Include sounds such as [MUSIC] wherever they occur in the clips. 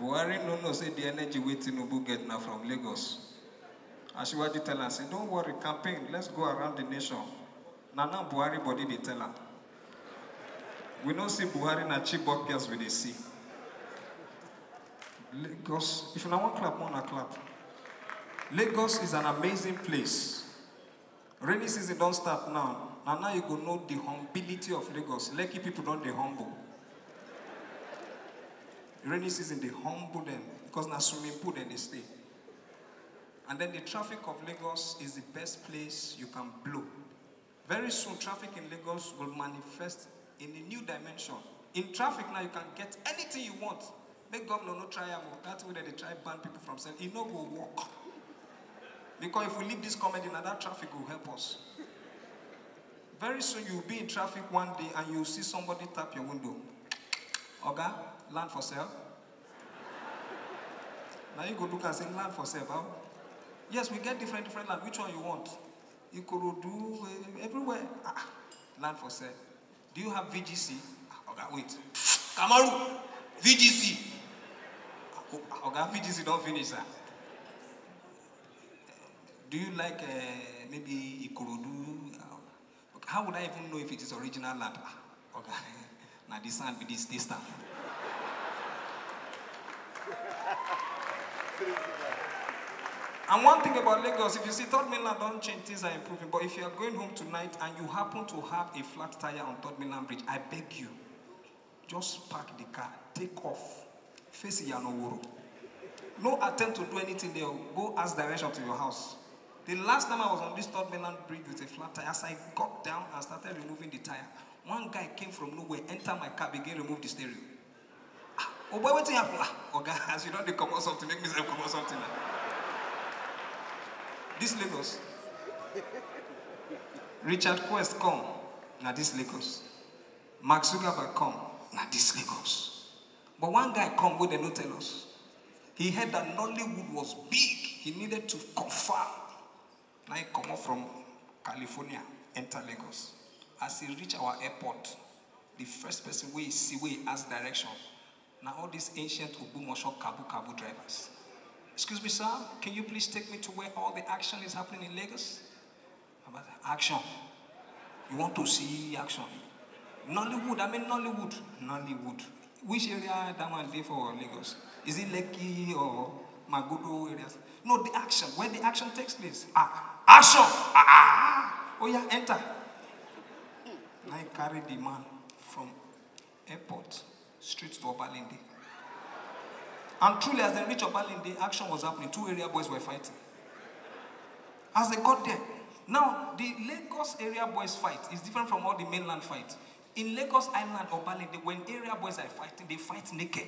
Buhari no no say the energy wey Tinubu get now from Lagos. Ashiwaju tell her, say, don't worry, campaign, let's go around the nation. Na Buhari body dey tell am. We no see Buhari na cheap girls we dey see. Lagos, if una want clap, one clap. Lagos is an amazing place. Rainy season don't start now. Na now you go know the humility of Lagos. Lucky people don't dey humble rainy season, they humble them because now swimming pool then they stay. And then the traffic of Lagos is the best place you can blow. Very soon, traffic in Lagos will manifest in a new dimension. In traffic now, you can get anything you want. Make governor no try am. Oh. That's why they try ban people from saying, it no go walk Because if we leave this comedy, now that traffic will help us. Very soon, you'll be in traffic one day and you'll see somebody tap your window. Okay? land for sale? now you go look and say land for sale, huh? Yes, we get different different land. Which one you want? Ikorodu, uh, everywhere. Ah, land for sale. Do you have VGC? Ah, okay, wait. Kamaru, VGC. Ah, okay, VGC don't finish that. Ah. Do you like uh, maybe Ikorodu? how would I even know if it is original land? okay, [LAUGHS] now this land with this time. And one thing about Lagos, if you see Third Mainland don't change, things are improving. But if you are going home tonight and you happen to have a flat tire on Third Mainland Bridge, I beg you, just park the car, take off, face Yanoworo. No attempt to do anything there. Go ask direction to your house. The last time I was on this Third Mainland Bridge with a flat tire, as I got down and started removing the tire, one guy came from nowhere, entered my car, began to remove the stereo. Oh, boy, what's happening? oh, guys, you know they come out something, make me say come out something. This Lagos. Richard Quest come, now this Lagos. Mark Zuckerberg come, now this Lagos. But one guy come where they no tell us. He heard that Nollywood was big. He needed to confirm. Now he come from California, enter Lagos. As he reach our airport, the first person we see, we ask direction, now all these ancient Ubumosho Kabu Kabu drivers. Excuse me, sir, can you please take me to where all the action is happening in Lagos? About action. You want to see action? Nollywood, I mean Nollywood. Nollywood. Which area that one live for Lagos? Is it Lekki or Magudu areas? No, the action. Where the action takes place. Ah, action! Ah! ah. Oh yeah, enter. I carry the man from airport straight to Obalinde, And truly, as they reached Obalinde, action was happening. Two area boys were fighting. As they got there, now the Lagos area boys fight is different from all the mainland fight. In Lagos Island, Upper Linde, when area boys are fighting, they fight naked.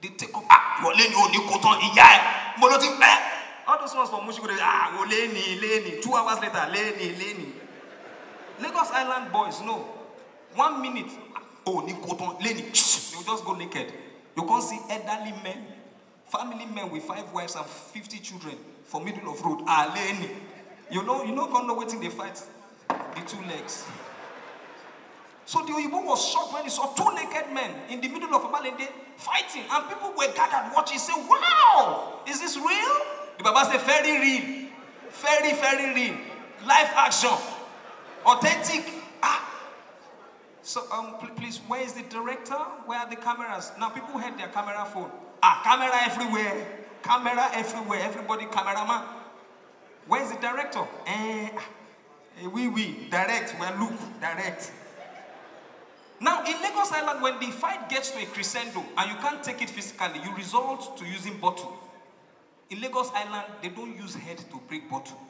They take up, ah, wọlé ni òní kò tán All those ones from Mushiku, they, ah, wọlé ni, two hours later, lé ni, Lagos Island boys, no. One minute, ní lẹ́ni you just go naked you can't see elderly men family men with five wives and fifty children for middle of road are lẹ́ni you know you know, come know wetin they fight the two legs. So the Oyibo was shocked when he saw two naked men in the middle of a Amalende fighting, and people were gathered watching. Say, "Wow, is this real?" The Baba said, "Very real, very very real, live action, authentic." Ah, so um, please, where is the director? Where are the cameras? Now people had their camera phone. Ah, camera everywhere. Camera everywhere. Everybody cameraman. Where is the director? Eh, eh we, we, direct, well, look, direct. Now, in Lagos Island, when the fight gets to a crescendo and you can't take it physically, you resort to using bottle. In Lagos Island, they don't use head to break bottle.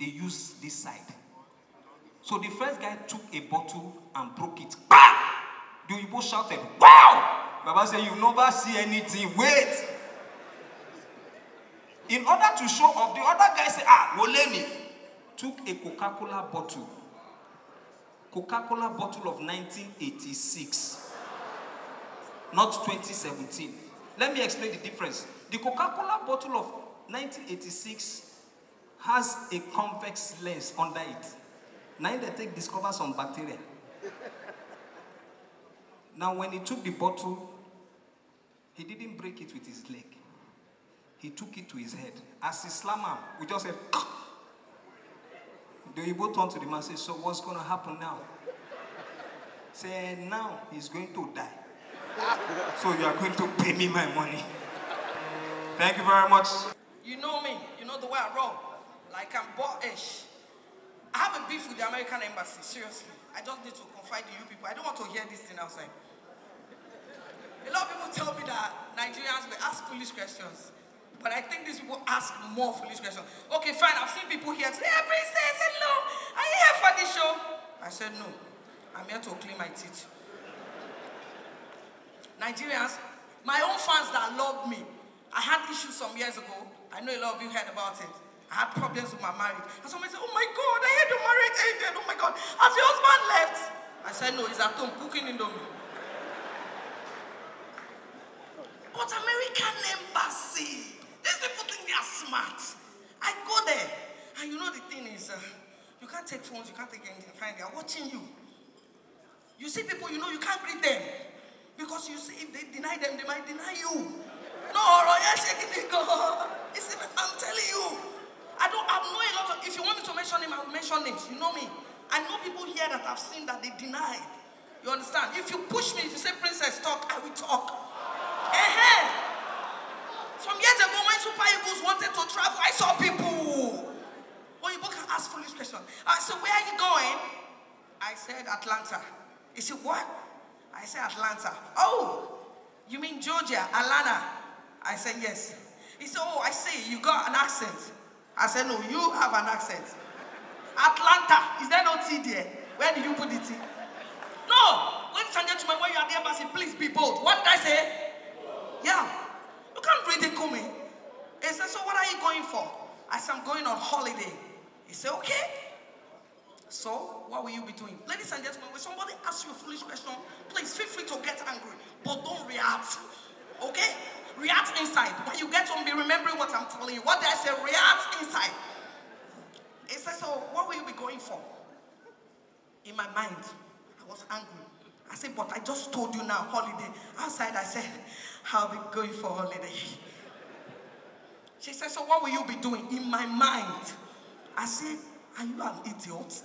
They use this side. So the first guy took a bottle and broke it. Bam! The Igbo shouted, Wow! Baba said, You never see anything. Wait! In order to show up, the other guy said, Ah, Wolemi took a Coca Cola bottle. Coca Cola bottle of 1986, not 2017. Let me explain the difference. The Coca Cola bottle of 1986 has a convex lens under it. Now they take discover some bacteria. now when he took the bottle, he didn't break it with his leg. He took it to his head. As he slammed him, we just said, the both turned to the man and said, so what's going to happen now? Say, now he's going to die. so you are going to pay me my money. Thank you very much. You know me. You know the way I roll. Like I'm boyish. I have a beef with the American embassy, seriously. I just need to confide in you people. I don't want to hear this thing outside. A lot of people tell me that Nigerians will ask foolish questions. But I think these people ask more foolish questions. Okay, fine, I've seen people here today. Hey, princess, hello. Are you here for this show? I said, no. I'm here to clean my teeth. Nigerians, my own fans that love me, I had issues some years ago. I know a lot of you heard about it. I had problems with my marriage. And somebody said, Oh my God, I had your marriage ended. Oh my God. Has your husband left? I said, No, he's at home cooking in room." But American embassy, these people think they are smart. I go there, and you know the thing is, uh, you can't take phones, you can't take anything. Fine, they are watching you. You see people, you know you can't greet them because you see if they deny them, they might deny you. No, Roya shaking [LAUGHS] the I'm telling you. I don't I know a lot of if you want me to mention him, I will mention it. You know me. I know people here that have seen that they denied. You understand? If you push me, if you say princess talk, I will talk. Uh-huh. Some years ago, when Super Eagles wanted to travel, I saw people. Well, you can ask foolish questions. I said, where are you going? I said Atlanta. He said, what? I said Atlanta. Oh, you mean Georgia, Atlanta? I said yes. He said, oh, I see, you got an accent. I said, no, you have an accent. Atlanta, is there no tea there? Where did you put the tea? No, ladies and gentlemen, when you are the embassy, please be bold. What did I say? Yeah, you can't it, me. He said, so what are you going for? I said, I'm going on holiday. He said, okay. So, what will you be doing? Ladies and gentlemen, when somebody asks you a foolish question, please feel free to get angry, but don't react. Okay? React inside. When you get home, be remembering what I'm telling you. What did I say? React inside. He said, so what will you be going for? In my mind, I was angry. I said, but I just told you now, holiday. Outside, I said, I'll be going for holiday. She said, so what will you be doing? In my mind, I said, are you an idiot?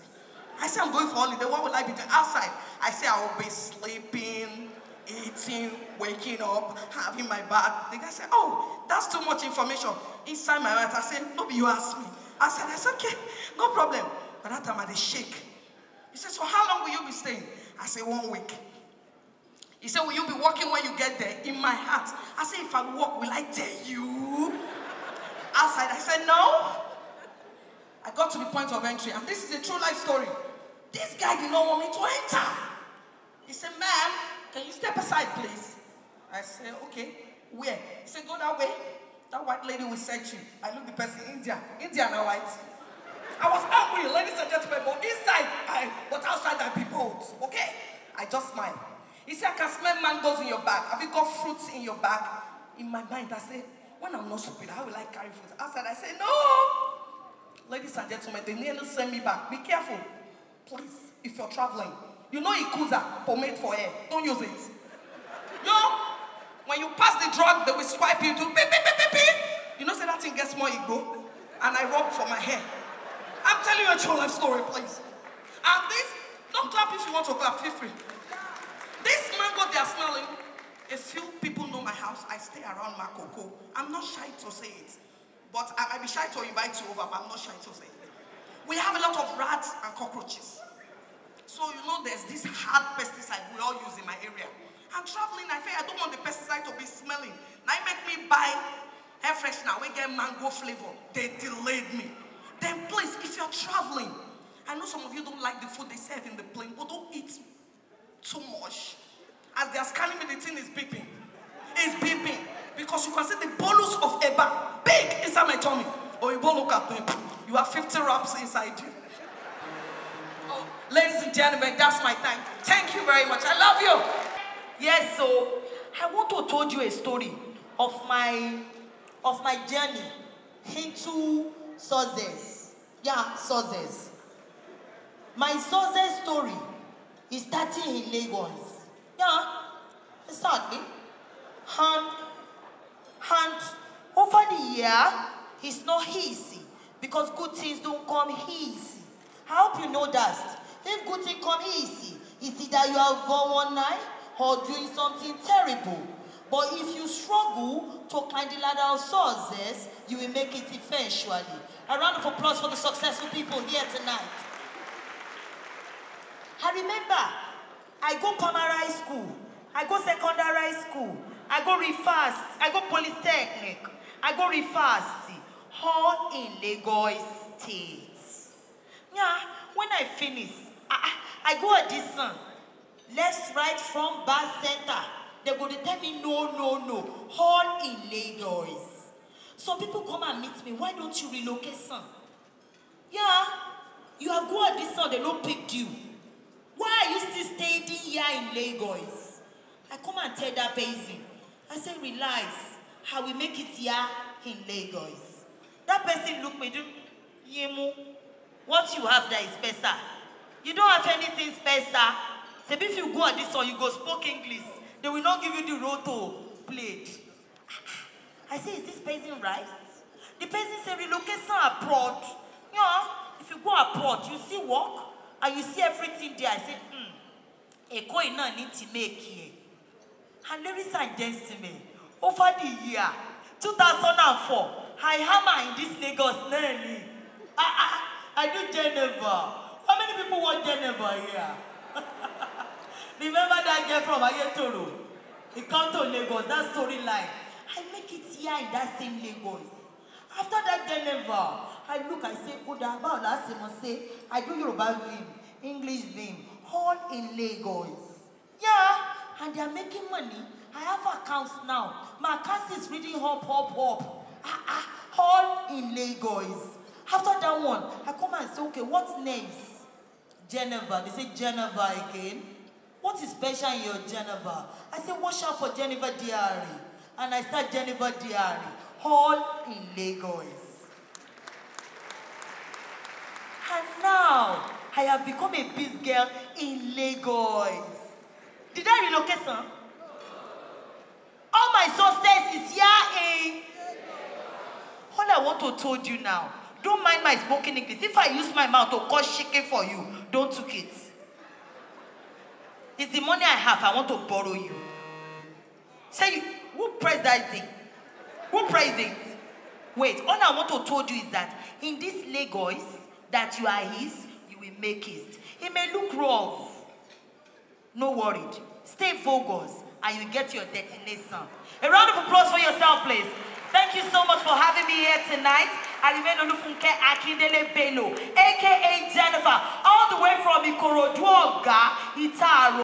I said, I'm going for holiday. What will I be doing? Outside, I said, I will be sleeping, eating, waking up, having my bath. The guy said, oh, that's too much information. Inside my mouth, I said, "Nobody you asked me. I said, that's okay, no problem. But that time I did shake. He said, so how long will you be staying? I said, one week. He said, will you be walking when you get there? In my heart. I said, if I walk, will I tell you? Outside, I said, no. I got to the point of entry, and this is a true life story. This guy did not want me to enter. He said, ma'am, can you step aside, please? I said, okay. Where? He said, go that way. That white lady will search you. I look the person, India. India and white. I was angry, ladies and gentlemen, but inside, I, but outside I be bold, okay? I just smile. He said, I can smell mangoes in your bag. Have you got fruits in your bag? In my mind, I said, when I'm not stupid, how will I carry fruits? Outside, I said, no! Ladies and gentlemen, they nearly send me back. Be careful, please if you're traveling. You know Ikuza, pomade for hair. Don't use it. You know, when you pass the drug, they will swipe you to beep, beep, beep, beep, beep. You know, say that thing gets more Igbo. And I rub for my hair. I'm telling you a true life story, please. And this, don't clap if you want to clap, feel free. This mango they are smelling, a few people know my house. I stay around Makoko. I'm not shy to say it. But I might be shy to invite you over, but I'm not shy to say it. We have a lot of rats and cockroaches. So you know there's this hard pesticide we all use in my area. I'm traveling, I feel I don't want the pesticide to be smelling. Now you make me buy air freshener, we get mango flavor. They delayed me. Then please, if you're traveling, I know some of you don't like the food they serve in the plane, but don't eat too much. As they are scanning me, the thing is beeping. It's beeping. Because you can see the bolus of Eba big inside my tummy. Or you don't look at me. You have 50 wraps inside you. Ladies and gentlemen, that's my time. Thank you very much. I love you. Yes, so I want to tell you a story of my of my journey into sources. Yeah, sources. My sources story is starting in Lagos. Yeah, exactly. And, and over the year, it's not easy because good things don't come easy. I hope you know that. If good thing come easy, it's either you are gone one night or doing something terrible. But if you struggle to climb the ladder of success, you will make it eventually. A round of applause for the successful people here tonight. I remember, I go primary school, I go secondary school, I go refast, I go polytechnic, I go refast, all in Lagos State. Yeah, when I finish, I, I go at this son. us ride from bus center. They're going to tell me no, no, no. All in Lagos. Some people come and meet me. Why don't you relocate, son? Yeah. You have go at this son. They don't pick you. Why are you still staying here in Lagos? I come and tell that person. I say, relax. how we make it here in Lagos. That person look me, do, Yemu, what you have there is better. You don't have anything special. Say, if you go at this one, you go spoke English. They will not give you the roto plate. I say, is this peasant rice? The peasant say, relocation abroad. You know, if you go abroad, you see work, and you see everything there. I say, hmm, Èkó yìí náà need to make here. And ladies and gentlemen, over the year 2004, I hammer in this Lagos, Nelly. I, I, I do Geneva. many people want Geneva here? [LAUGHS] Remember that girl from Ayetoro? He come to Lagos, that storyline. I make it here in that same Lagos. After that Geneva, I look, I say, Oda, last time I do Yoruba dream, English dream, all in Lagos. Yeah, and they are making money. I have accounts now. My accounts is reading hop, hop, hop. Ah, ah, all in Lagos. After that one, I come and say, okay, what's next? Geneva. They say Geneva again. What is special in your Geneva? I say, watch out for Geneva Diary. And I start Geneva Diary, all in Lagos. And now, I have become a biz girl in Lagos. Did I relocate, sir? All my success is here in... All I want to told you now don't mind my spoken English. If I use my mouth to cause shaking for you, don't took it. It's the money I have. I want to borrow you. Say, who pressed that thing? Who pressed it? Wait, all I want to told you is that in this Lagos that you are his, you will make it. He may look rough. No worried. Stay focused and you get your destination. A round of applause for yourself, please. Thank you so much for having me here tonight. I remain Olufunke Akindele Bello, aka Jennifer, all the way from Ikorodu Oga, Itaro.